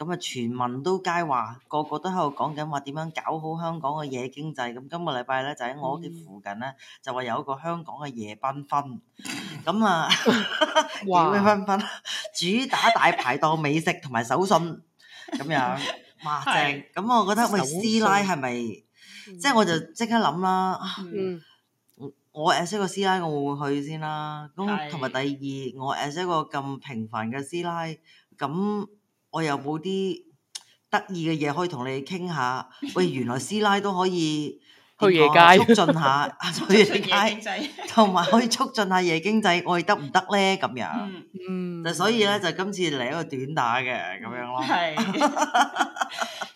咁啊！全民都皆話，個個都喺度講緊話點樣搞好香港嘅夜經濟。咁今個禮拜咧，就喺我屋企附近咧，就話有個香港嘅夜繽紛。咁啊，夜繽紛，主打大排檔美食同埋手信咁樣。哇！正咁，我覺得喂師奶係咪？即係我就即刻諗啦。嗯。我 as 一個師奶，我會唔會去先啦？咁同埋第二，我 as 一個咁平凡嘅師奶，咁。我又冇啲得意嘅嘢可以同你傾下，喂，原來師奶都可以。去夜街，促進下，去夜經濟，同埋可以促進下夜經濟，我哋得唔得咧？咁樣，嗯嗯，就所以咧，就今次嚟一個短打嘅咁樣咯。係，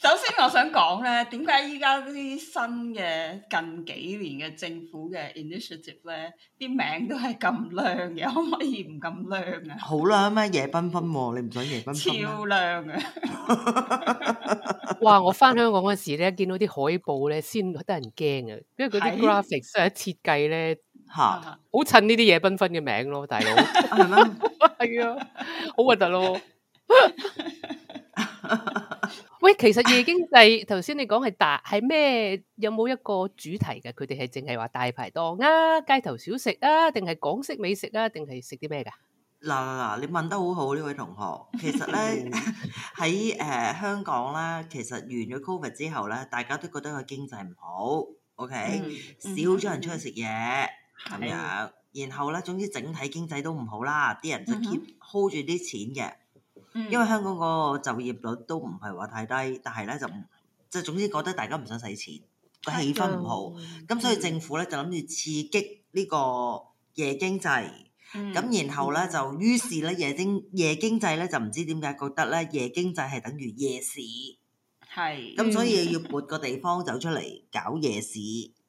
首先我想講咧，點解依家啲新嘅近幾年嘅政府嘅 initiative 咧，啲名都係咁靚嘅，可唔可以唔咁靚啊？好啦，咩夜繽紛喎？你唔想夜繽紛？超靚啊！哇！我翻香港嗰時咧，見到啲海報咧，先覺得人驚。因為嗰啲 graphics 啊，設計咧吓，好襯呢啲夜繽紛嘅名咯，大佬係啊，好核突咯。喂，其實夜經濟頭先你講係大係咩？有冇一個主題嘅？佢哋係淨係話大排檔啊、街頭小食啊，定係港式美食啊，定係食啲咩噶？嗱嗱嗱，你問得好好呢位同學。其實咧喺誒香港咧，其實完咗 Covid 之後咧，大家都覺得佢經濟唔好。O Okay ? K，、mm hmm. 少咗人出去食嘢咁樣，是然後咧，總之整體經濟都唔好啦，啲人就 keep hold 住啲錢嘅，mm hmm. 因為香港個就業率都唔係話太低，但係咧就即係總之覺得大家唔想使錢，個、mm hmm. 氣氛唔好，咁、mm hmm. 所以政府咧就諗住刺激呢個夜經濟，咁、mm hmm. 然後咧就於是咧夜經夜經濟咧就唔知點解覺得咧夜經濟係等於夜市。係，咁是 所以要撥個地方走出嚟搞夜市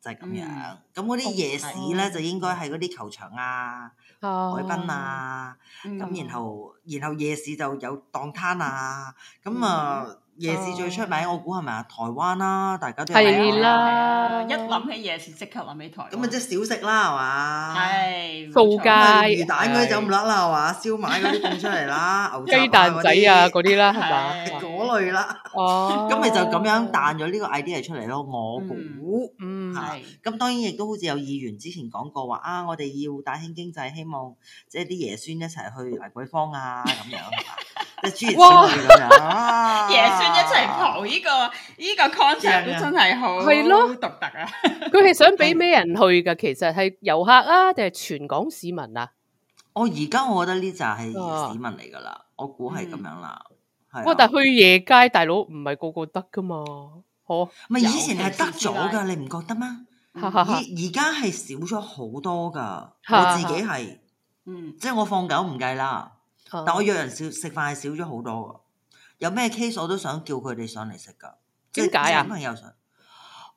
就係、是、咁樣，咁嗰啲夜市咧是就應該係嗰啲球場啊、嗯、海濱啊，咁、嗯、然後然後夜市就有檔攤啊，咁啊、嗯。夜市最出名，我估係咪啊？台灣啦，大家都係啊，一諗起夜市即刻諗起台灣。咁啊，即係小食啦，係嘛？係。掃街魚蛋嗰啲就唔甩啦，係嘛？燒賣嗰啲變出嚟啦，牛雜！雞蛋仔啊，嗰啲啦，係嘛？嗰類啦。哦。咁咪就咁樣彈咗呢個 idea 出嚟咯，我估。嗯。係。咁當然亦都好似有議員之前講過話啊，我哋要大興經濟，希望即係啲爺孫一齊去蘭桂坊啊咁樣。哇！爺孫一齊蒲，呢個呢個 concept 都真係好，係咯，獨特啊！佢係想俾咩人去噶？其實係遊客啊，定係全港市民啊？我而家我覺得呢咋係市民嚟噶啦，我估係咁樣啦。不過但去夜街，大佬唔係個個得噶嘛，嗬？咪以前係得咗噶，你唔覺得咩？而而家係少咗好多噶，我自己係，嗯，即係我放狗唔計啦。但我約人少食飯係少咗好多噶，有咩 case 我都想叫佢哋上嚟食噶，即係朋友上。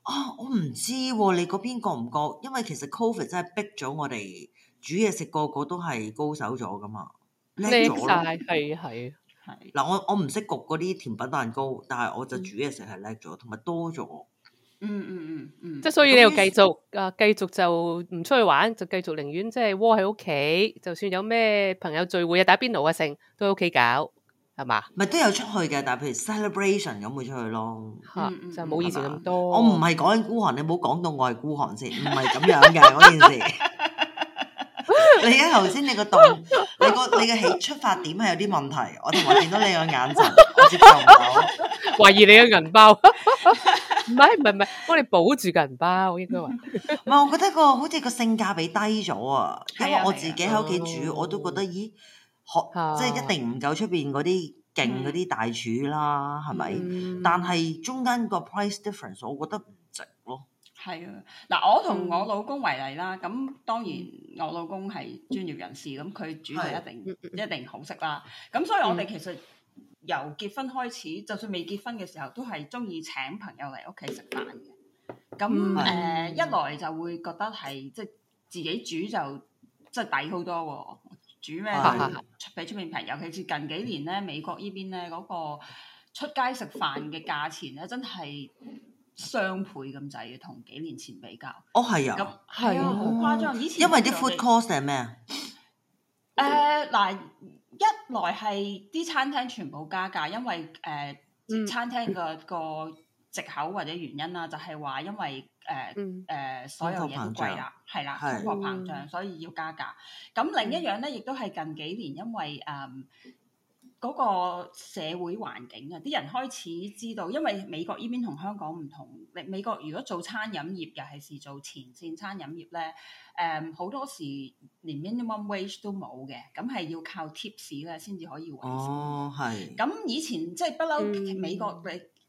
啊，我唔知喎、啊，你嗰邊覺唔覺？因為其實 covid 真係逼咗我哋煮嘢食，個個都係高手咗噶嘛，叻咗啦。係係係。嗱， 我我唔識焗嗰啲甜品蛋糕，但係我就煮嘢食係叻咗，同埋、嗯、多咗。嗯嗯嗯嗯，即係所以你要繼續啊，繼續就唔出去玩，就繼續寧願即係窩喺屋企，就算有咩朋友聚會啊、打邊爐啊剩，都喺屋企搞，係嘛？咪都有出去嘅，但係譬如 celebration 咁會出去咯，就冇以前咁多。我唔係講緊孤寒，你唔好講到我係孤寒先，唔係咁樣嘅嗰件事。你喺頭先，你個洞，你個你嘅起出發點係有啲問題。我同我見到你個眼神，我接受唔到，懷疑你嘅銀包。唔係唔係唔係，我哋保住銀包，我應該話。唔係，我覺得、個好似個性價比低咗啊！ 因為我自己喺屋企煮，我都覺得，咦，學即係一定唔夠出邊嗰啲勁嗰啲大廚啦，係咪？嗯、但係中間個 price difference，我覺得。係啊，嗱，我同我老公為例啦，咁當然我老公係專業人士，咁佢煮就一定 一定好食啦。咁所以我哋其實由結婚開始，就算未結婚嘅時候，都係中意請朋友嚟屋企食飯嘅。咁誒、嗯呃，一來就會覺得係即係自己煮就即係抵好多喎。煮咩俾出面朋友，尤其是近幾年咧，美國呢邊咧嗰個出街食飯嘅價錢咧，真係～雙倍咁滯要同幾年前比較。哦，係啊，咁係啊，好誇張。哦、以前、嗰個、因為啲 food cost 係咩啊？誒、呃，嗱、呃，一來係啲餐廳全部加價，因為誒、呃嗯、餐廳嘅、嗰個藉口或者原因啦，就係話因為誒誒、呃嗯呃、所有嘢都貴啦，係啦、嗯，通貨膨脹，所以要加價。咁另一樣咧，亦都係近幾年因為誒，呃嗯嗰個社會環境啊，啲人開始知道，因為美國依邊同香港唔同。你美國如果做餐飲業，又係時做前線餐飲業咧，誒、嗯、好多時連 minimum wage 都冇嘅，咁係要靠 tips 咧先至可以維生。哦，係。咁以前即係不嬲美國誒喺、嗯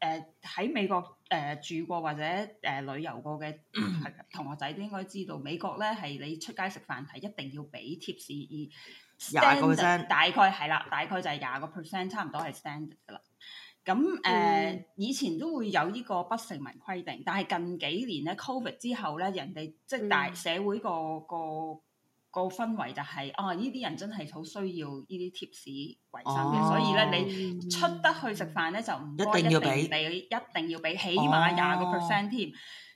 呃、美國誒、呃、住過或者誒、呃、旅遊過嘅同學仔都應該知道，嗯、美國咧係你出街食飯係一定要俾 tips 而。廿個 percent 大概係啦，大概就係廿個 percent，差唔多係 standard 噶啦。咁誒，以前都會有呢個不成文規定，但係近幾年咧，covid 之後咧，人哋即係大社會個個個氛圍就係，哦，呢啲人真係好需要呢啲貼士維生嘅，所以咧，你出得去食飯咧就唔一定要俾，一定要俾，起碼廿個 percent 添。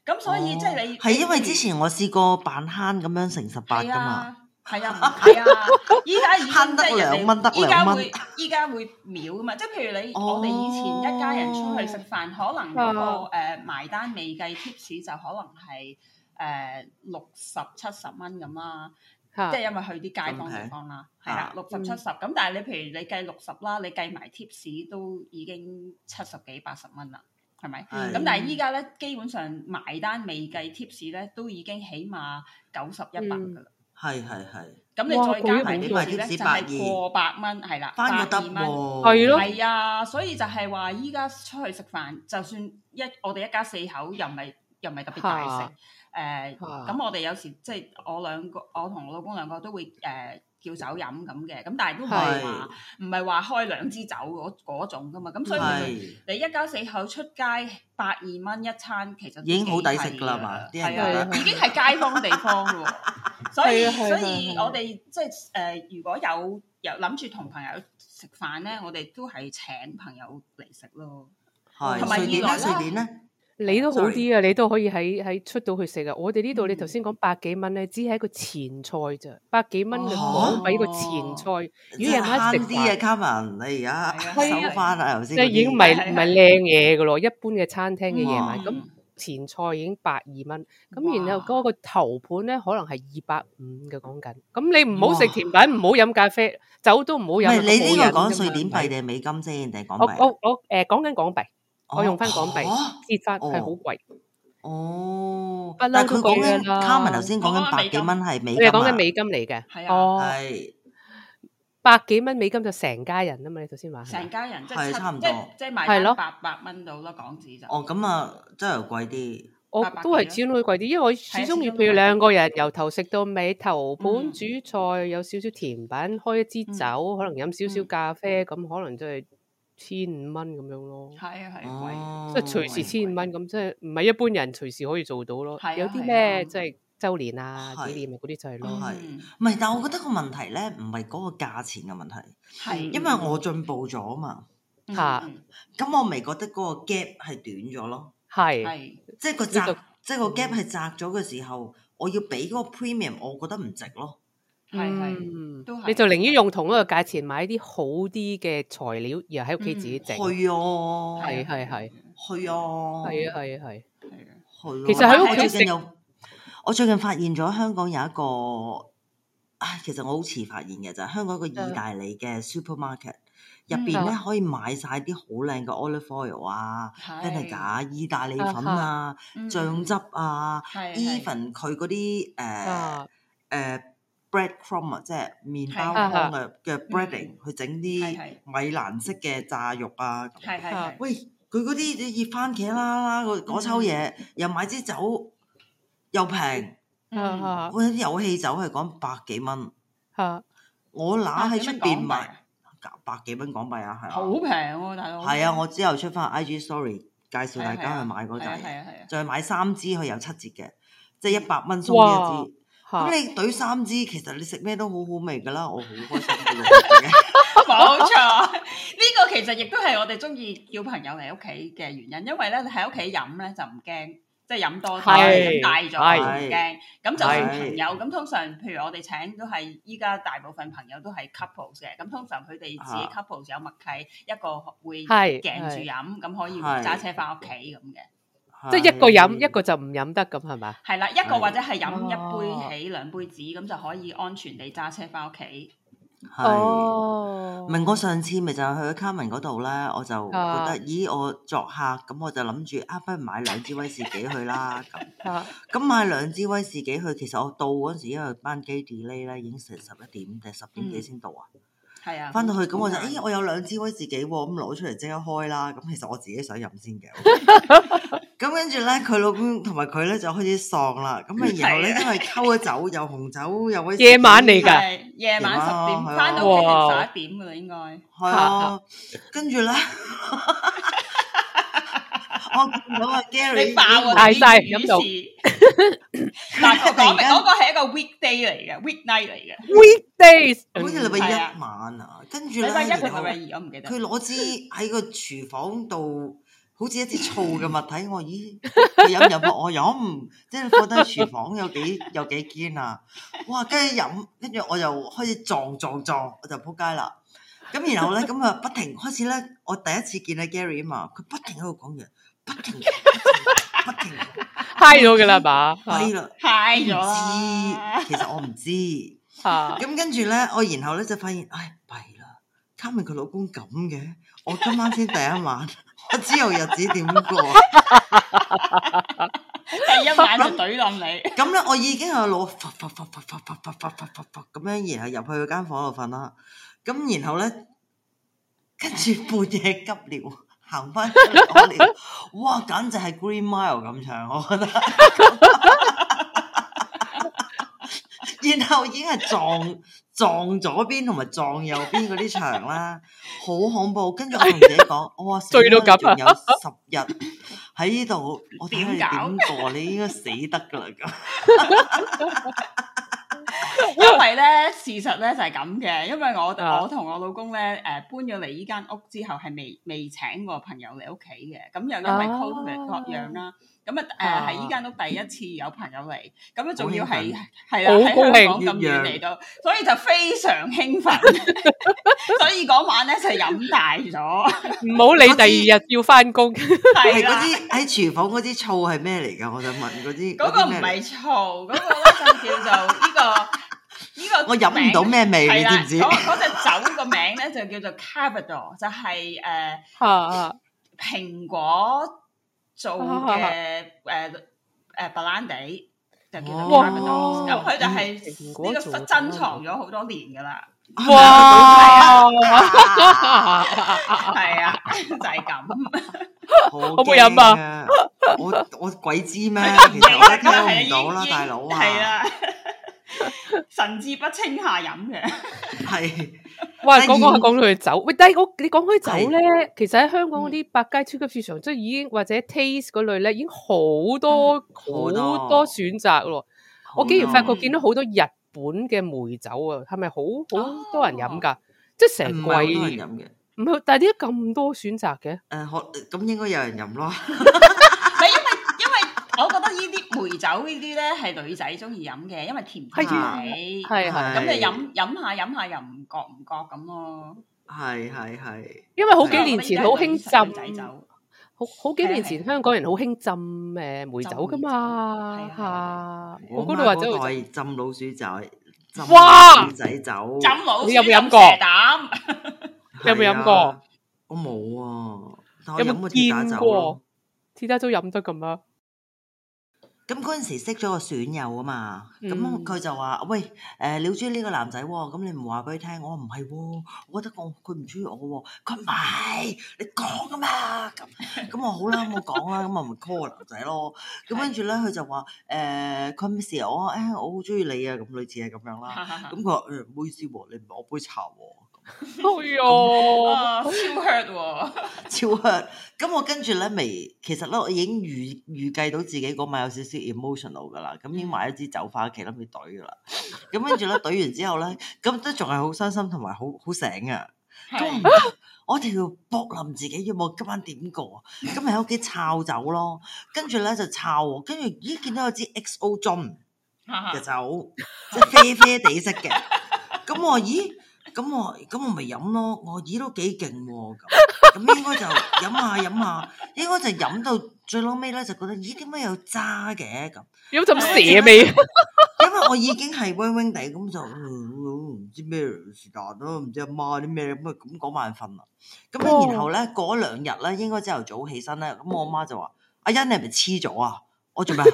咁所以即係你係因為之前我試過扮慳咁樣成十八噶嘛。係 啊，唔係啊！依家而即係人哋依家會依家會秒噶嘛？即係譬如你我哋以前一家人出去食飯，可能嗰個誒、呃、埋單未計貼士，就可能係誒六十七十蚊咁啦，即係因為去啲街坊地 方啦。係啦，六十七十咁，但係你譬如你計六十啦，你計埋貼士都已經七十幾八十蚊啦，係咪？咁、是、嗯、但係依家咧，基本上埋單未計貼士咧，都已經起碼九十一百噶啦。係係係，咁你再加埋滿座食咧，何就過百蚊係啦，百二蚊係咯，係了啊，所以就係話依家出去食飯，的就算一我哋一家四口又唔係又唔係特別大食，誒咁我哋有時即係我兩個我同我老公兩個都會誒。呃叫酒飲咁嘅，咁但係都唔係話，唔係話開兩支酒嗰種㗎嘛，咁的所以的你一家四口出街百二蚊一餐，其實已經好抵食㗎喇嘛，係啊，已經係街坊地方喎，所以所以我哋即係誒如果有有諗住同朋友食飯咧，我哋都係請朋友嚟食咯，係同埋二來咧。你都好啲啊！你都可以喺喺出到去食啊！我哋呢度你頭先講百幾蚊咧，只係一個前菜咋，百幾蚊嘅港幣個前菜。如果而家食啲嘢，Carmen，你而家手翻啊，頭先。即係已經唔係唔係靚嘢噶咯，一般嘅餐廳嘅夜晚咁前菜已經百二蚊，咁然後嗰個頭盤咧可能係二百五嘅講緊。咁你唔好食甜品，唔好飲咖啡，酒都唔好飲。你呢個講瑞典幣定係美金先定係港幣？我我我誒，講緊港幣。我用翻港幣折法係好貴。哦，不嬲都講嘅啦。Carmen 頭先講緊百幾蚊係美金啊。你講緊美金嚟嘅。係啊。哦，百幾蚊美金就成家人啊嘛！你頭先話。成家人即係差唔多，即係係囉，八百蚊到咯，港紙就。哦，咁啊，真係貴啲。我都係始終會貴啲，因為我始終要譬如兩個人由頭食到尾，頭盤主菜有少少甜品，開一支酒，可能飲少少咖啡，咁可能即係。千五蚊咁樣咯，係啊係，即係隨時千五蚊咁，即係唔係一般人隨時可以做到咯。有啲咩即係周年啊、紀念啊嗰啲就係咯。唔係，但係我覺得個問題咧，唔係嗰個價錢嘅問題，係因為我進步咗啊嘛。吓，咁我咪覺得嗰個 gap 係短咗咯。係，即係個窄，即係個 gap 係窄咗嘅時候，我要俾嗰個 premium，我覺得唔值咯。係係，你就寧願用同一個價錢買啲好啲嘅材料，而喺屋企自己整。係啊，係係係，係啊，係啊係啊係。係啊，其實喺屋企食。我最近有，我最近發現咗香港有一個，唉，其實我好遲發現嘅就係香港一個意大利嘅 supermarket，入邊咧可以買晒啲好靚嘅 olive oil 啊、番茄、意大利粉啊、醬汁啊，even 佢嗰啲誒誒。bread crumb 即係麵包糠嘅嘅 breading，去整啲米蘭式嘅炸肉啊。係係係。喂，佢嗰啲熱番茄啦啦嗰抽嘢，又買支酒又平。啊啊！啲有氣酒係講百幾蚊。嚇！我攬喺出邊買百幾蚊港幣啊，係。好平喎，大佬。係啊，我之後出翻 IG story 介紹大家去買嗰啲，係啊係啊，再買三支佢有七折嘅，即係一百蚊送一支。咁、啊、你懟三支，其實你食咩都好好味㗎啦，我好開心嘅。冇錯，呢、這個其實亦都係我哋中意叫朋友嚟屋企嘅原因，因為咧喺屋企飲咧就唔驚，即、就、係、是、飲多啲，咗是飲大咗唔驚。咁是就算朋友，咁是通常譬如我哋請都係依家大部分朋友都係 couple 嘅，咁通常佢哋自己 couple 就有默契，是一個會頸住飲，咁可以揸車翻屋企咁嘅。即係一個飲一個就唔飲得咁係嘛？係啦，一個或者係飲一杯起兩杯止咁就可以安全地揸車翻屋企。哦，明。我上次咪就去咗 Carmen 嗰度咧，我就覺得，咦，我作客咁我就諗住啊，不如買兩支威士忌去啦。咁咁買兩支威士忌去，其實我到嗰時因為班機 delay 咧，已經成十一點定十點幾先到啊。係啊，翻到去咁我就，咦，我有兩支威士忌，咁攞出嚟即刻開啦。咁其實我自己想飲先嘅。咁跟住咧，佢老公同埋佢咧就開始喪啦。咁啊，然後咧，因為溝咗酒，又紅酒，又夜晚嚟噶，夜晚十點翻到嚟十一點噶啦，應該係。跟住咧，我見到阿 Gary 大魚大魚咁做，但係嗰個係一個 week day 嚟嘅，week night 嚟嘅，week days。似禮拜一晚啊？跟住禮拜一，禮拜二，我唔記得。佢攞支喺個廚房度。好似一啲粗嘅物體，我咦？飲飲我飲唔，即係覺得廚房有幾有幾堅啊！哇，跟住飲，跟住我又開始撞撞撞，我就仆街啦。咁然後咧，咁啊不停開始咧，我第一次見阿 Gary 啊嘛，佢不停喺度講嘢，不停，不停，high 咗嘅啦，爸，high 啦，high 咗。唔知， 其實我唔知。咁、啊、跟住咧，我然後咧就發現，唉、哎，弊啦 Carmen 佢老公咁嘅，我今晚先第一晚。 我知道日子點過？第一晚就懟冧你。咁咧，我已經係攞咁樣，然後入去間房度瞓啦。咁然後咧，跟住半夜急尿，行翻去屙尿。哇，簡直係 Green Mile 咁長，我覺得。然後已經係撞 撞左邊同埋撞右邊嗰啲牆啦，好恐怖。跟住我同自己講，哇、 哦，最多仲有十日喺呢度，我點點過？你應該死得㗎喇咁。因為咧，事實咧就係咁嘅。因為我、啊、我同我老公咧，誒、呃，搬咗嚟呢間屋之後，係未未請過朋友嚟屋企嘅。咁有咁咪 call 啦。啊咁啊，誒，喺依間屋第一次有朋友嚟，咁啊，仲要係係啦，喺香港咁遠嚟到，所以就非常興奮，所以嗰晚咧就飲大咗，唔好理第二日要翻工。係啦，喺廚房嗰啲醋係咩嚟㗎？我想問嗰啲。嗰個唔係醋，嗰個咧就叫做呢個呢個。我飲唔到咩味，你知唔知？嗰嗰隻酒個名咧就叫做 Capital，就係誒蘋果。做嘅，誒誒白蘭地就叫做咁，佢就係呢個珍藏咗好多年噶啦。哇！係啊，係啊，就係咁。好冇飲啊！我我鬼知咩？其實我收唔到啦，大佬啊！ 神志不清下飲嘅，係， 哇講講下講到去酒，喂但係我你講開酒咧， 其實喺香港嗰啲百佳超級市場，即係、嗯、已經或者 Taste 嗰類咧，已經好多好多選擇咯。多我竟然發覺見到好多日本嘅梅酒啊，係咪好好多人飲噶？哦、即係成櫃都人飲嘅，唔係，但係點解咁多選擇嘅？誒、呃，可咁應該有人飲啦。 呢啲梅酒呢啲咧，係女仔中意飲嘅，因為甜啲。係係咁你飲飲下飲下又唔覺唔覺咁咯。係係係，因為好幾年前好興浸仔酒，好好幾年前香港人好興浸誒梅酒噶嘛。我嗰度話真係可以浸老鼠仔，哇！仔酒浸老鼠，你有冇飲過？有冇飲過？我冇啊，但係我飲過鐵打酒，鐵打酒飲得咁啊。咁嗰陣時識咗個損友啊嘛，咁佢、嗯、就話：喂，誒、呃、你好中意呢個男仔喎、哦，咁你唔話俾佢聽？我話唔係喎，我覺得講佢唔中意我喎、哦，佢唔係，你講啊嘛，咁咁我好啦、啊 哦呃，我講啦，咁、欸、我咪 call 個男仔咯。咁跟住咧，佢就話：誒，佢 miss 我，誒我好中意你啊，咁類似係咁樣啦。咁佢話：唔、呃、好意思喎、哦，你唔係我杯茶喎、哦。哎呀，超 hurt，超 hurt。咁我跟住咧，未其實咧，我已經預預計到自己嗰晚有少少 emotional 噶啦。咁已經買一支酒返屋企，諗住懟噶啦。咁跟住咧，懟完之後咧，咁都仲係好傷心，同埋好好醒啊。咁我要搏冧自己，要我今晚點過？咁咪喺屋企抄酒咯，跟住咧就抄。跟住咦，見到有支 XO Jump 嘅酒，即係啡啡哋色嘅。咁我咦？咁、嗯嗯、我咁我咪飲咯，我咦都幾勁喎，咁咁應該就飲下飲下，應該就飲到最撈尾咧就覺得咦點解有渣嘅咁，有陣蛇味因，因為我已經係暈暈地咁就唔、嗯、知咩時間咯，唔知阿媽啲咩咁啊咁講晚瞓啦，咁然後咧過兩日咧，應該朝頭早起身咧，咁我阿媽就話：阿欣、oh. 你係咪黐咗啊？我做咩？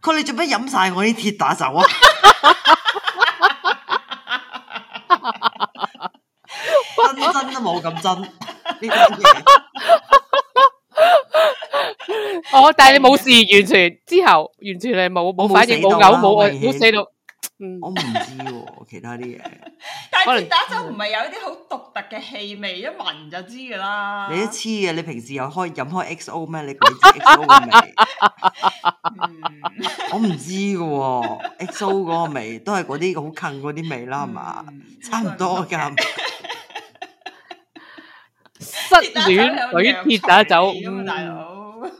佢你做咩飲晒我啲鐵打酒啊？ 真都冇咁真，呢啲嘢。哦，但係你冇事，完全之後完全你冇冇，反正冇嘔冇，冇死到。我唔知其他啲嘢。但係打酒唔係有一啲好獨特嘅氣味，一聞就知噶啦。你一黐嘅，你平時有開飲開 X O 咩？你鬼知 X O 嘅味？我唔知噶，X O 嗰個味都係嗰啲好近嗰啲味啦，係嘛？差唔多噶。失戀，屬於鐵打酒。嗯、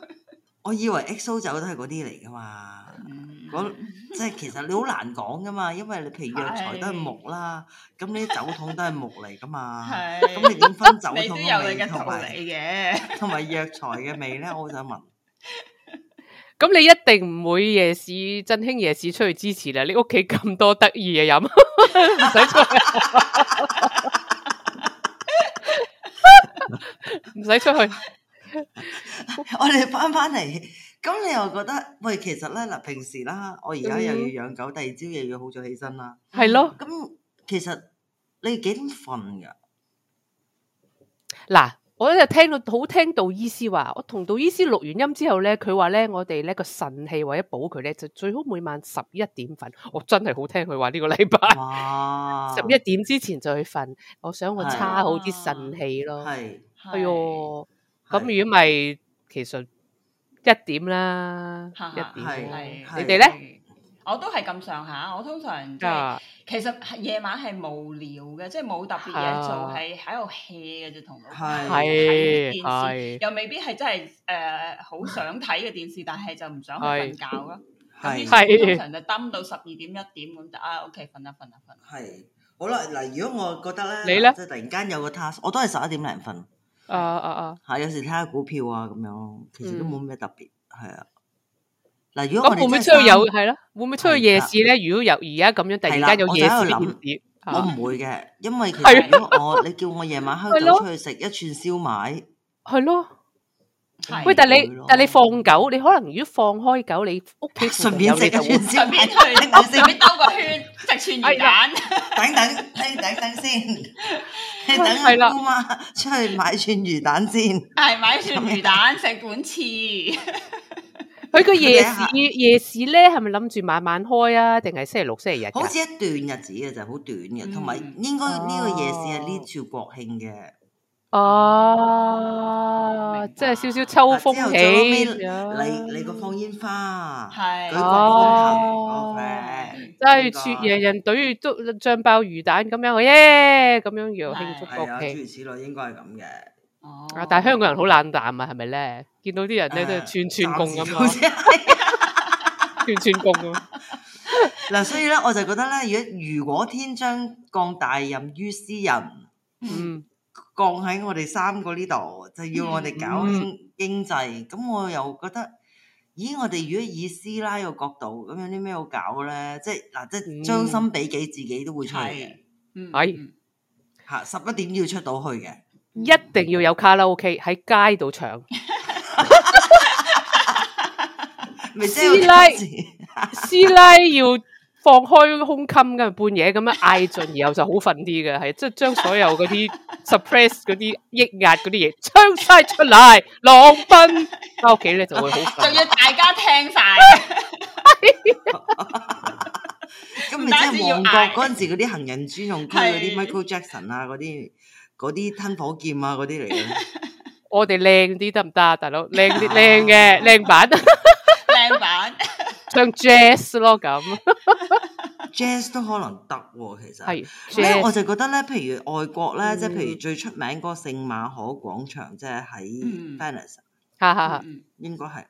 我以為 XO 酒都係嗰啲嚟噶嘛，嗯、即係其實你好難講噶嘛，因為你譬如藥材都係木啦，咁你啲酒桶都係木嚟噶嘛，咁是你點分酒桶嘅味，同埋藥材嘅味咧，我想問。咁你一定唔會夜市振興夜市出去支持啦，你屋企咁多得意嘢飲，唔 使出。 唔 使 用出去， 我哋翻返嚟，咁你又覺得喂，其實咧嗱，平時啦，我而家又要養狗，第二朝又要好早起身啦，係咯，咁其實你幾點瞓噶嗱？嗯 我咧就聽到好聽杜醫師話，我同杜醫師錄完音之後咧，佢話咧我哋咧個腎氣或者補佢咧就最好每晚十一點瞓。我真係好聽佢話呢個禮拜十一哇 點之前就去瞓，我想我差好啲腎氣咯。係哇，係喎，咁如果咪其實一點啦，的一點，你哋咧？我都係咁上下，我通常就係。Yeah. 其實夜晚係無聊嘅，即係冇特別嘢做，係喺度 hea 嘅啫，同老闆睇電視，哎、又未必係真係誒好想睇嘅電視，但係就唔想去瞓覺咯。咁通常就 down 到十二點一點咁，就啊屋企瞓一瞓一瞓。係、okay。好啦，嗱，如果我覺得咧，你咧呢，即突然間有個 task，我都係十一點零瞓。啊啊啊！係有時睇下股票啊咁樣，其實都冇咩特別，係啊。嗱，如果我會唔會出去有係咯？會唔會出去夜市咧？如果有而家咁樣，突然間有夜市，我唔會嘅，因為如果我你叫我夜晚黑度出去食一串燒賣，係咯？喂，但你但你放狗，你可能如果放開狗，你屋企順便食串燒，順便去，順便兜個圈食串魚蛋，等等，等等先，你等啊嘛？出去買串魚蛋先，係買串魚蛋食本翅。佢個夜市，夜市咧，係咪諗住晚晚開啊？定係星期六、星期日？好似一段日子嘅，就好短嘅。同埋應該呢個夜市係呢朝國慶嘅。哦，即係少少秋風起，嚟嚟個放煙花。係哦，即係全人人懟住像爆魚蛋咁樣，耶！咁樣又慶祝國慶。係啊，諸如此類，應該係咁嘅。啊！但係香港人好冷淡啊，係咪咧？見到啲人咧都係串串貢，咁樣，呃、是是 串串貢咯。嗱，所以咧，我就覺得咧，如果如果天將降大任於斯人，嗯，降喺我哋三個呢度，就要我哋搞經經濟。咁、嗯、我又覺得，咦？我哋如果以師奶嘅角度，咁有啲咩好搞咧？即係嗱，即係將心比己，自己都會出嚟嘅、嗯。嗯，係、嗯。吓、嗯嗯嗯，十一點都要出到去嘅。一定要有卡拉 OK 喺街度唱，師奶師奶要放開胸襟，咁半夜咁樣嗌盡，然後就好瞓啲嘅，係即係將所有嗰啲 suppress 嗰啲抑壓嗰啲嘢，唱晒出嚟，浪奔。返屋企咧就會好，就要大家聽晒。咁咪即係旺角嗰陣時嗰啲行人專用區嗰啲 Michael Jackson 啊嗰啲。嗰啲吞火劍啊，嗰啲嚟嘅，我哋靚啲得唔得？大佬靚啲靚嘅靚版，靚版唱 jazz 咯咁，jazz 都可能得喎，其實係，所以我就覺得咧，譬如外國咧，即係譬如最出名嗰個聖馬可廣場，即係喺 Venice，哈哈哈，應該係。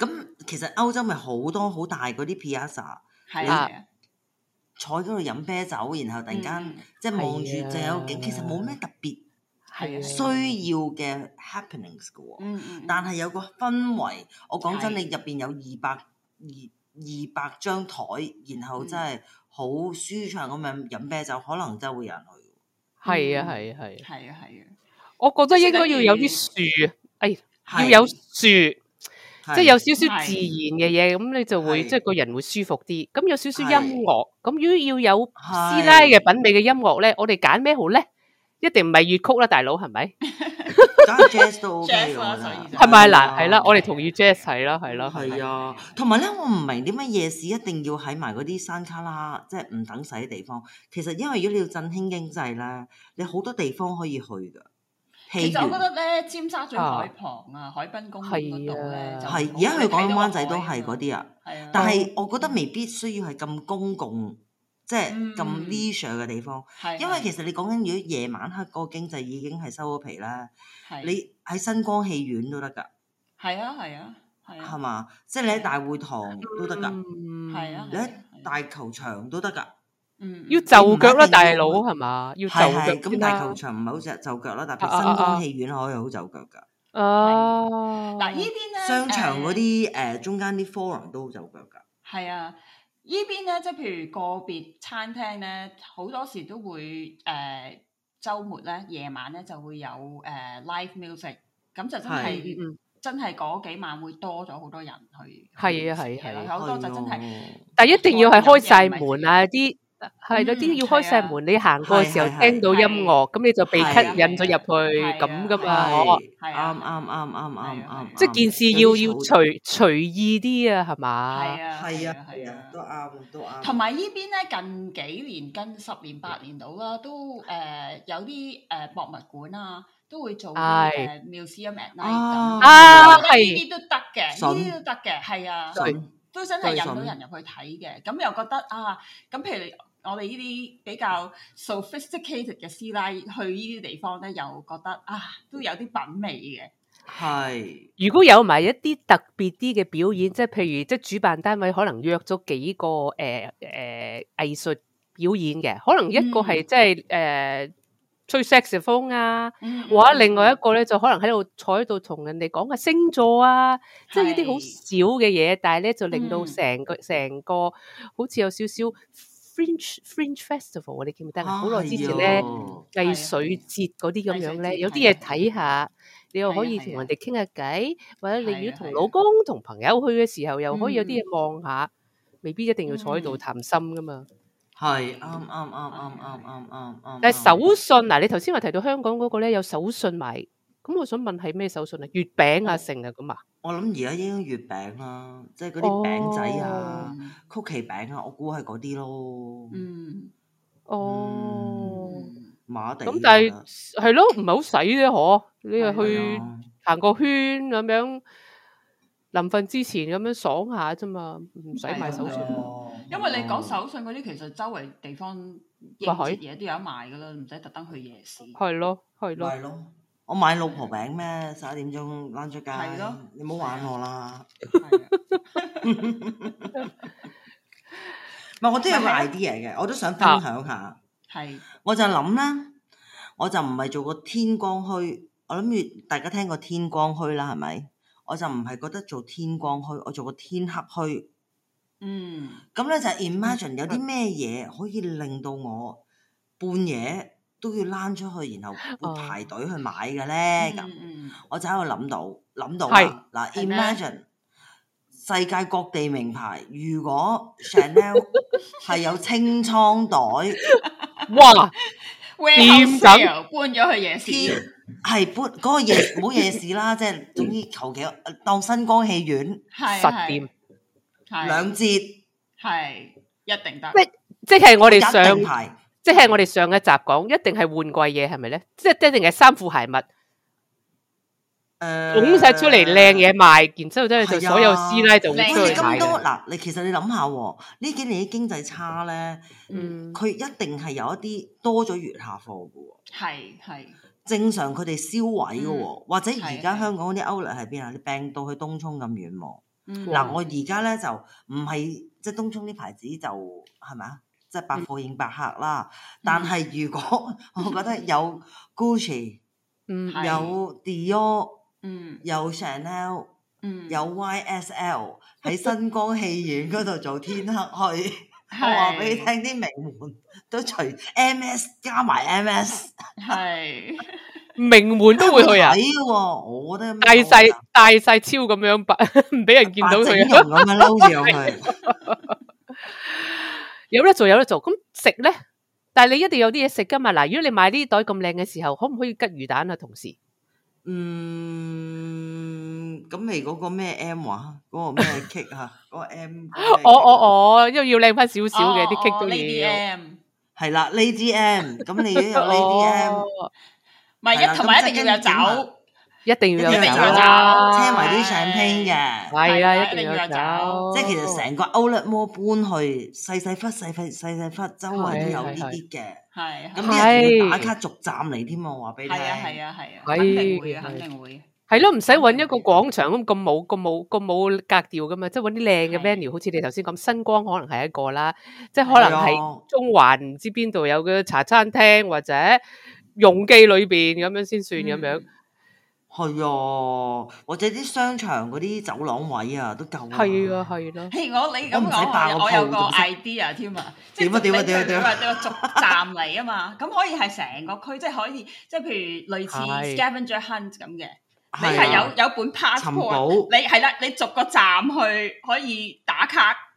咁其實歐洲咪好多好大嗰啲 piazza 嚟嘅。坐度飲啤酒，然後突然間、嗯、即係望住，就有景，其實冇咩特別需要嘅 happenings 嘅喎。嗯嗯的，但係有個氛圍，我講真，是的 你入邊有二百二二百張台，是的 然後真係好舒暢咁樣飲啤酒，可能真係會有人去。係啊，係啊，係啊，係啊，係啊。我覺得應該要有啲樹，哎，的要有樹。即係有少少自然嘅嘢，咁你就會即係個人會舒服啲。咁有少少音樂，咁如果要有師奶嘅品味嘅音樂咧，我哋揀咩好咧？一定唔係粵曲啦，大佬，係咪？Jazz 都 OK，係咪嗱？係啦，我哋同意 Jazz 係啦，係啦。係啊，同埋咧，我唔明點解夜市一定要喺埋嗰啲山卡啦，即係唔等使嘅地方。其實因為如果你要振興經濟咧，你好多地方可以去㗎。其實我覺得咧，尖沙咀海旁啊，海濱公園嗰度咧，就係而家佢講緊灣仔都係嗰啲啊。係啊，但係我覺得未必需要係咁公共，即係咁 leisure 嘅地方。係，因為其實你講緊如果夜晚黑嗰個經濟已經係收咗皮啦。係，你喺新光戲院都得㗎。係啊，係啊。係嘛？即係你喺大會堂都得㗎。係啊。你喺大球場都得㗎。要就腳啦，大佬係嘛？要就腳。咁大球場唔係好似就腳啦，特別新光戲院可以好就腳噶。哦，嗱，呢邊咧商場嗰啲誒，中間啲 forum 都好就腳噶。係啊，呢邊咧即係譬如個別餐廳咧，好多時都會誒，周末咧夜晚咧就會有誒 live music，咁就真係真係嗰幾晚會多咗好多人去。係啊係啊，有好多就真係，但係一定要係開晒門啊啲。係啦，啲要開石門，你行過嘅時候聽到音樂，咁你就被吸引咗入去咁噶嘛，哦，啱啱啱啱啱啱，即係件事要要隨隨意啲啊，係咪？係啊，係啊，係啊，都啱，都啱。同埋呢邊咧，近幾年跟十年八年到啦，都誒有啲誒博物館啊，都會做誒 Museum at Night 咁，呢啲都得嘅，呢啲都得嘅，係啊，都真係引到人入去睇嘅，咁又覺得啊，咁譬如。我哋呢啲比較 sophisticated 嘅師奶去呢啲地方咧，又覺得啊都有啲品味嘅。係是，如果有埋一啲特別啲嘅表演，即係譬如即係主辦單位可能約咗幾個誒誒藝術表演嘅，可能一個係即係誒吹 saxophone 啊，嗯、或者另外一個咧就可能喺度坐喺度同人哋講下星座啊，是即係呢啲好少嘅嘢，但係咧就令到成個成個，個好似有少少。Fringe Fringe Festival 你記唔記得？好耐之前咧，祭水節嗰啲咁樣咧，有啲嘢睇下，你又可以同人哋傾下偈，或者你如果同老公同朋友去嘅時候，又可以有啲嘢望下，未必一定要坐喺度談心噶嘛。係啱啱啱啱啱啱啱。但係手信嗱，你頭先話提到香港嗰個咧，有手信買。咁我想問係咩手信啊？月餅啊，成啊咁啊？我諗而家應該月餅啦，即係嗰啲餅仔啊、曲奇餅啊，我估係嗰啲咯。嗯，哦，馬定咁，但係係咯，唔係好使啫，嗬？你又去行個圈咁樣，臨瞓之前咁樣爽下啫嘛，唔使買手信。因為你講手信嗰啲，其實周圍地方應節嘢都有得賣噶啦，唔使特登去夜市。係咯，係咯。我買老婆餅咩？十一點鐘翻出街。咯，的你唔好玩我啦。唔係， 我都有個 idea 嘅，我都想分享下。係、啊。我就諗啦，我就唔係做個天光墟，我諗住大家聽過天光墟啦，係咪？我就唔係覺得做天光墟，我做個天黑墟。嗯。咁咧就係 imagine 有啲咩嘢可以令到我半夜？都要攬出去，然後排隊去買嘅咧。咁我就喺度諗到，諗到嗱，Imagine 世界各地名牌，如果 Chanel 係有清倉袋，哇，點等搬咗去夜市，係搬嗰個夜冇夜市啦，即係總之求其當新光戲院實店兩折，係一定得。即即係我哋上牌。即係我哋上一集講，一定係換季嘢係咪咧？即係一定係衫褲鞋襪，誒、呃，拱晒出嚟靚嘢賣，然之後都係所有師奶就佢哋咁多嗱。你、呃、其實你諗下，呢幾年啲經濟差咧，佢、嗯、一定係有一啲多咗月下貨嘅。係係正常，佢哋銷毀嘅，嗯、或者而家香港嗰啲 outlet 喺邊啊？你病到去東涌咁遠喎？嗱、嗯呃，我而家咧就唔係即係東涌啲牌子就，就係咪啊？即係百貨應百客啦，但係如果我覺得有 Gucci 的、有 Dior、有 Chanel、有 YSL 喺新光戲院嗰度做天黑去， 我話俾你的聽啲名門都除 M S 加埋 M S，係名門都會去啊！我覺得都大細大細超咁樣扮，唔俾 人見到佢啊！咁樣嬲住又有得做有得做，咁食咧？但係你一定有啲嘢食噶嘛？嗱，如果你買呢袋咁靚嘅時候，可唔可以吉魚蛋啊？同時，嗯，咁你嗰個咩 M 話？嗰個咩 kick 啊？嗰個 M，哦哦哦，因為要靚翻少少嘅啲 kick 都要。係啦，呢啲 M，咁你都有呢啲 M，唔係一，同埋一定要有酒。一定要有走，聽埋啲唱片嘅，係啊，一定要走。即係其實成個 Outlet Mall 搬去細細忽，細細細細忽周圍都有啲啲嘅。係咁啲人要打卡逐站嚟添啊！我話俾你聽。係啊係啊係啊，肯定會肯定會。係咯，唔使搵一個廣場咁咁冇咁冇咁冇格調㗎嘛，即係搵啲靚嘅 venue，好似你頭先咁，新光可能係一個啦，即係可能係中環唔知邊度有個茶餐廳或者容記裏邊咁樣先算咁樣。係啊，或者啲商場嗰啲走廊位啊，都夠啊。係啊呀，係咯。嘿 我你咁講，我我有個 idea 添啊。點啊點啊點啊點啊！你話你話逐個站嚟啊嘛，咁可以係成個區， 即係可以，即係譬如類似 Scavenger Hunt 咁嘅。係啊。你係有有本 passport，你係啦，你逐個站去可以打卡。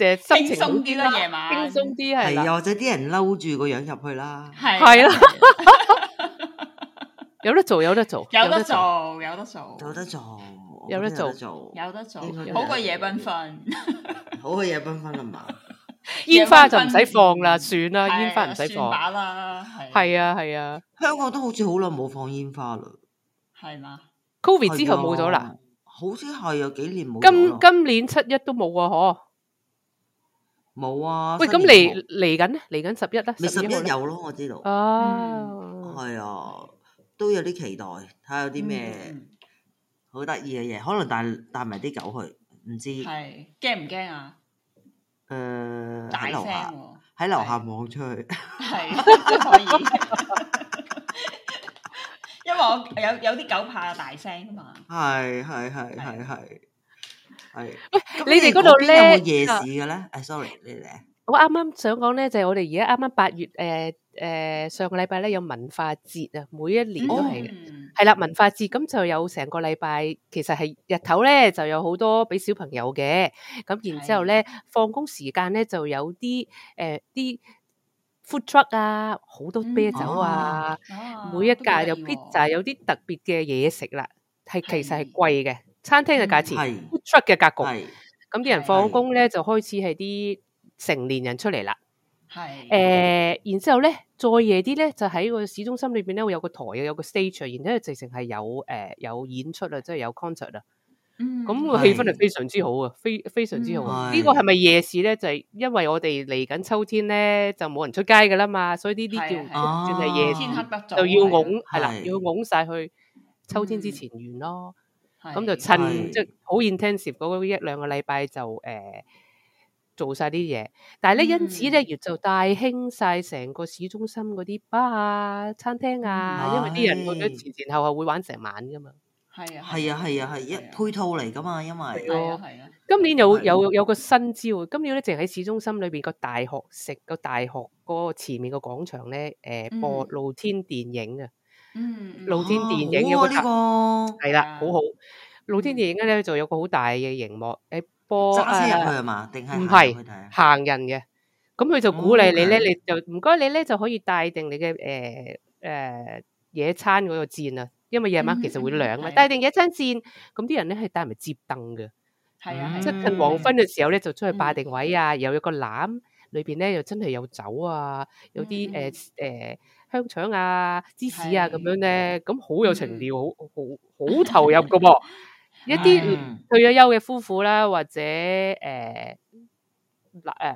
就心情好啲啦，夜晚輕鬆啲係啦，又或者啲人嬲住個樣入去啦，係啦，有得做有得做有得做有得做有得做有得做有得做，好過夜繽紛，好過夜繽紛啊嘛！煙花就唔使放啦，算啦，煙花唔使放啦，係啊係啊，香港都好似好耐冇放煙花啦，係嘛？Covid 之後冇咗啦，好似係有幾年冇，今今年七一都冇啊，嗬！冇啊！喂，咁嚟嚟緊咧？嚟緊十一啦！咪十一有咯，我知道。哦，係啊，都有啲期待，睇下有啲咩好得意嘅嘢，可能帶帶埋啲狗去，唔知。係驚唔驚啊？誒，喺樓下喺樓下望出去。係，都可以。因為我有有啲狗怕大聲吖嘛。係係係係係。係喂，你哋嗰度咧有冇夜市嘅咧？誒，sorry，你哋。我啱啱想講咧，就係我哋而家啱啱八月誒誒，上個禮拜咧有文化節啊，每一年都係嘅，係啦文化節，咁就有成個禮拜，其實係日頭咧就有好多俾小朋友嘅，咁然之後咧放工時間咧就有啲誒啲 food truck 啊，好多啤酒啊，每一架有 pizza，有啲特別嘅嘢食啦，係其實係貴嘅。餐廳嘅價錢 out 嘅格局，咁啲人放工咧就開始係啲成年人出嚟啦。係，誒，然之後咧再夜啲咧就喺個市中心裏邊咧會有個台又有個 stage，然之後直情係有誒有演出啊，即係有 concert 啊。嗯，咁個氣氛係非常之好啊，非非常之好。啊。呢個係咪夜市咧？就係因為我哋嚟緊秋天咧，就冇人出街噶啦嘛，所以呢啲叫算係夜，黑就要拱係啦，要拱晒去秋天之前完咯。咁是就趁即係好是 intensive 嗰一兩個禮拜就誒、呃、做晒啲嘢，但係咧因此咧而就大興晒成個市中心嗰啲吧、餐廳啊，嗯、因為啲人或者前前後後會玩成晚噶嘛。係啊，係啊，係啊，係一配套嚟噶嘛，因為。係啊，今年有有有個新招，今年咧淨喺市中心裏邊個大學食個大學嗰個前面個廣場咧誒、呃、播露天電影啊！嗯嗯，露、啊、天電影有個係啦，啊，好，這個，好。露天電影咧就有個好大嘅熒幕，你，哎、波揸、啊、車入去係嘛？定係唔係行人嘅？咁，嗯，佢，嗯，就鼓勵你咧，你就唔該你咧就可以帶定你嘅、誒誒、野餐嗰個氈啊，因為夜晚其實會涼啊，帶定，嗯嗯嗯，野餐氈，咁啲人咧係帶埋摺櫈嘅。係啊，即係近黃昏嘅時候咧就出去霸定位啊，有一個籃，裏邊咧又真係有酒啊，有啲誒誒。香腸啊、芝士啊咁樣咧，咁好的有情調，嗯，好好好投入噶噃。 的一啲退咗休嘅夫婦啦，或者誒誒、呃，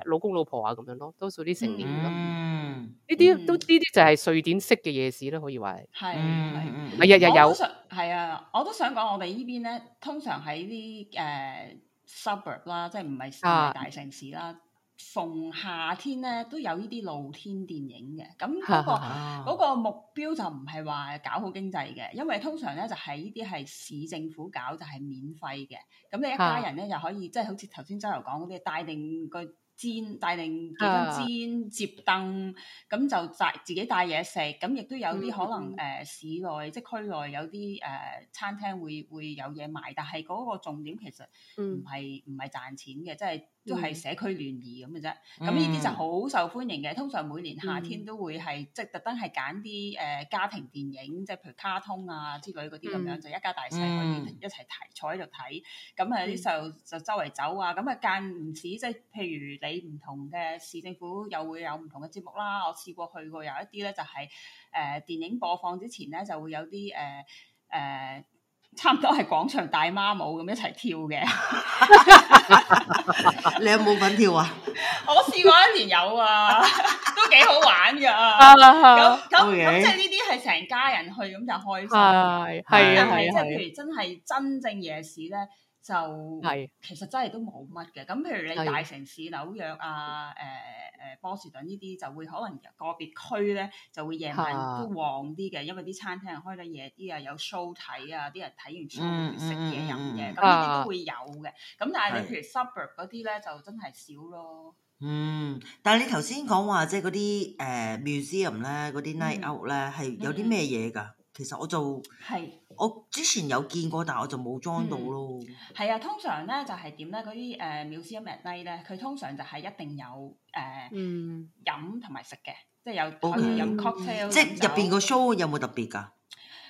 老公老婆啊咁樣咯，多數啲成年咁。嗯，呢啲都呢啲就係瑞典式嘅夜市啦，可以話係。係係的、嗯，我日日有。係啊，我都想講，我哋呢邊咧，通常喺啲誒 suburb 啦，即係唔係大城市啦。啊逢夏天咧都有呢啲露天電影嘅，咁嗰、那個、 個目標就唔係話搞好經濟嘅，因為通常咧就係呢啲係市政府搞就係、是、免費嘅，咁你一家人咧 就可以即係、就是、好似頭先周游講嗰啲，帶定個氈，帶定幾張氈摺凳，咁 就帶自己帶嘢食，咁亦都有啲可能誒、嗯嗯呃、市內即係區內有啲誒、呃、餐廳會會有嘢賣，但係嗰個重點其實唔係唔係賺錢嘅，即係。都係社區聯誼咁嘅啫，咁呢啲就好受歡迎嘅。嗯、通常每年夏天都會係、嗯、即係特登係揀啲誒家庭電影，即係譬如卡通啊之類嗰啲咁樣，就、嗯、一家大細可以一齊睇、嗯、坐喺度睇。咁啊啲細路就周圍走啊，咁啊間唔時即係譬如你唔同嘅市政府又會有唔同嘅節目啦。我試過去過有一啲咧就係、是、誒、呃、電影播放之前咧就會有啲誒誒，呃呃呃差唔多係廣場大媽舞咁一齊跳嘅， 你有冇份跳啊？我試過一年有啊，都幾好玩㗎。咁咁即係呢啲係成家人去咁 就開心嘅，係啊係啊，即係譬如真係真正夜市咧。就其實真係都冇乜嘅，咁譬如你大城市紐約啊，誒、呃、誒波士頓呢啲就會可能個別區咧就會夜晚都旺啲嘅，因為啲餐廳開得夜啲啊，有 show 睇啊，啲人睇完 show 食嘢飲嘢，咁呢啲都會有嘅。咁、啊、但係你譬如 suburb 嗰啲咧，就真係少咯。嗯，但係你頭先講話即係嗰啲誒 museum 咧，嗰啲 night out 咧係有啲咩嘢㗎？嗯嗯、其實我做是。係。我之前有見過，但係我就冇裝到咯。係、嗯、啊，通常咧就係點咧？嗰啲誒，Museum at Night 咧，佢、呃、通常就係一定有誒、呃嗯、飲同埋食嘅，即係有 Okay. 可以飲 cocktail、嗯。即係入邊個 show 有冇特別㗎？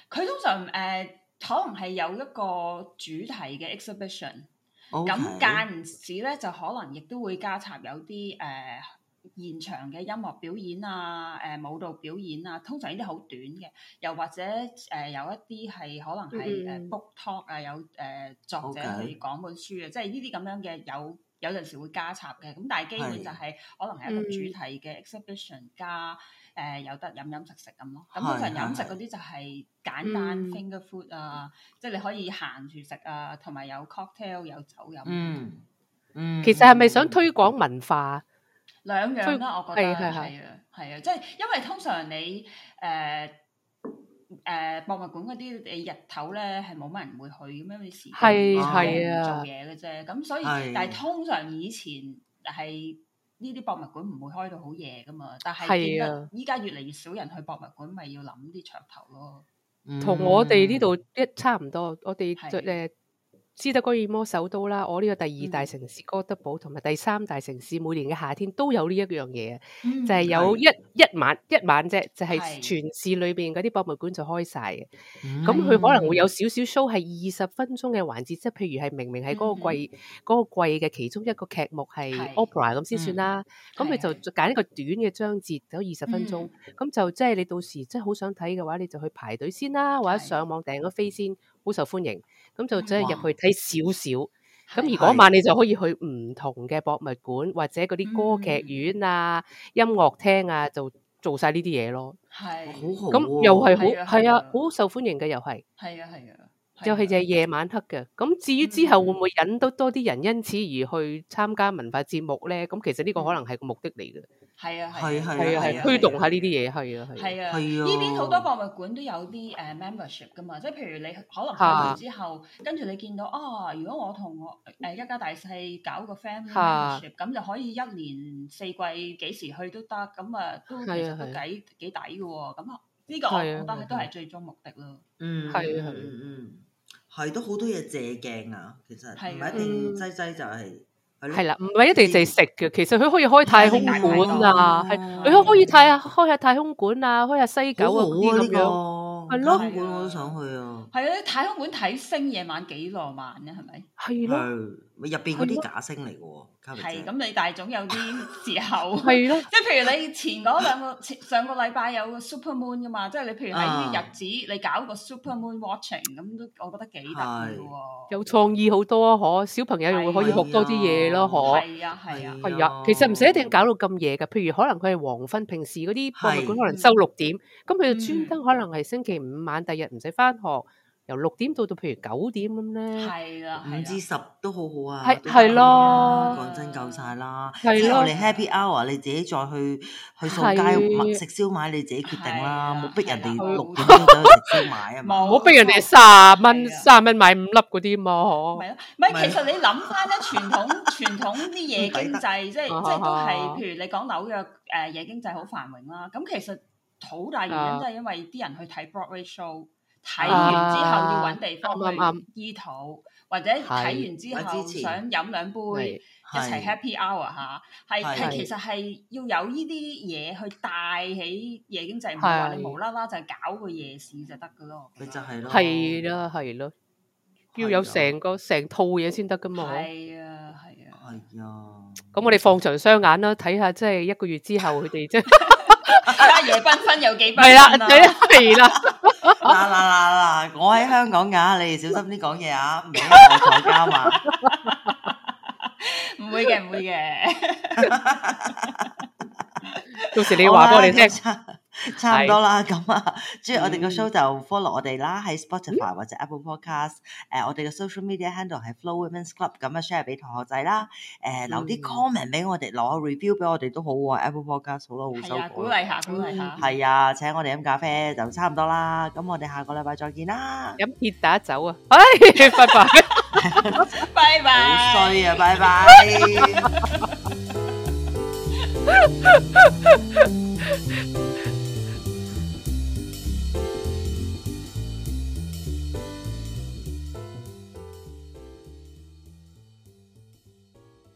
佢通常誒、呃，可能係有一個主題嘅 exhibition，咁 Okay. 間唔時咧就可能亦都會加插有啲誒。呃現場嘅音樂表演啊，誒、呃、舞蹈表演啊，通常呢啲好短嘅，又或者誒、呃、有一啲係可能係誒、嗯 uh, book talk 啊，有誒、呃、作者去講本書啊，Okay. 即係呢啲咁樣嘅有有陣時會加插嘅，咁但係基本就係可能係一個主題嘅 exhibition 加誒、嗯呃、有得飲飲食食咁咯。咁通常飲食嗰啲就係簡單 finger food 啊，即係、嗯、你可以行住食啊，同埋有，有 cocktail 有酒飲。酒酒酒嗯，嗯嗯其實係咪想推廣文化？兩樣啦，以我覺得係啊，係啊，即係因為通常你誒誒、呃呃、博物館嗰啲誒日頭咧係冇乜人會去，咁樣嘅時間的啊，的做嘢嘅啫。咁所以，的但係通常以前係呢啲博物館唔會開到好夜㗎嘛。但係見到依家越嚟越少人去博物館，咪要諗啲噱頭咯。同我哋呢度一差唔多，我哋誒。斯德哥爾摩首都啦，我呢個第二大城市哥德堡同埋第三大城市，每年嘅夏天都有呢一樣嘢就係有一一晚一晚啫，就係全市裏邊嗰啲博物館就開晒嘅。咁佢可能會有少少 show，係二十分鐘嘅環節，即係譬如係明明係嗰個季嗰個季嘅其中一個劇目係 opera 咁先算啦。咁佢就揀一個短嘅章節，就二十分鐘。咁就即係你到時真係好想睇嘅話，你就去排隊先啦，或者上網訂個飛先，好受歡迎。咁就即係入去睇少少，咁哇而嗰晚你就可以去唔同嘅博物館的或者嗰啲歌劇院啊、嗯、音樂廳啊，就做晒呢啲嘢咯。係，咁又係好，好，係啊，好受歡迎嘅又係。係啊，係啊。就係就係夜晚黑嘅，咁至於之後會唔會引到多啲人因此而去參加文化節目咧？咁其實呢個可能係個目的嚟嘅。係啊，係啊，係啊，推動下呢啲嘢，係啊，係啊，係啊。呢邊好多博物館都有啲誒 membership 噶嘛，即係譬如你可能去完之後，跟住你見到啊，如果我同我誒一家大細搞個 family membership，咁就可以一年四季幾時去都得，咁啊都其實個抵幾抵嘅喎。咁啊呢個我覺得都係最終目的咯。嗯，係啊，係，嗯嗯。.係都好多嘢借鏡啊，其實唔係的一定齋齋就係，係，係啦的，唔係，嗯、一定淨食嘅，其實佢可以開太空，啊太空館啊，你可可以睇下開下的太空館啊，開下西九好好啊啲咁樣。這個係咯，太空館我都想去啊。係啊，喺太空館睇星夜晚幾浪漫嘅，係咪？係咯。咪入邊嗰啲假星嚟嘅喎。係咁，你大總有啲時候。係咯。即係譬如你前嗰兩個上個禮拜有個 Super Moon 嘅嘛，即係你譬如喺啲日子你搞個 Super Moon watching，咁都我覺得幾特別嘅喎。有創意好多嗬，小朋友又會可以學多啲嘢咯，嗬。係啊係啊。係啊，其實唔使一定搞到咁夜嘅，譬如可能佢係黃昏，平時嗰啲博物館可能收六點，咁佢專登可能係星期。五晚第日唔使翻學，由六點到到譬如九點咁咧，五至十都好好啊，係係咯，講真夠晒啦。之後嚟 Happy Hour 你自己再去去掃街食燒賣，你自己決定啦，冇逼人哋六點鐘走去食燒賣啊，冇逼人哋三十蚊三十蚊買五粒嗰啲嘛。係咯，唔係其實你諗翻咧，傳統傳統啲夜經濟，即係即係都係，譬如你講紐約誒夜經濟好繁榮啦，咁其實。好大原因都係因為啲人去睇 Broadway show，睇完之後要搵地方去醫肚，或者睇完之後想飲兩杯，一齊 happy hour 吓，係係其實係要有呢啲嘢去帶起夜經濟，唔係話你無啦啦就係搞個夜市就得噶咯，咪就係咯，係咯，係咯，要有成個成套嘢先得噶嘛，係啊係啊，係啊。咁我哋放長雙眼啦，睇下即係一個月之後佢哋即。夜繽紛有幾分，分？係啦、 啊啊啊啊啊啊，你肥啦，啦嗱嗱嗱嗱！我喺香港噶，你哋小心啲講嘢啊，唔好 我坐監啊！唔會嘅，唔會嘅。到時你話俾我哋聽。差唔多啦，咁啊，即係我哋個 show 就 follow 我哋啦，喺 Spotify 或者 Apple Podcast，誒，我哋嘅 social media handle 係 Flo Women's Club，咁啊 share 俾同學仔啦，誒，留啲 comment 俾我哋，攞個 review 俾我哋都好啊，Apple Podcast 好咯，會收。鼓勵下，鼓勵下。係啊，請我哋飲咖啡就差唔多啦，咁我哋下個禮拜再見啦，飲鐵打酒啊，唉，拜拜，拜拜，好衰啊，拜拜。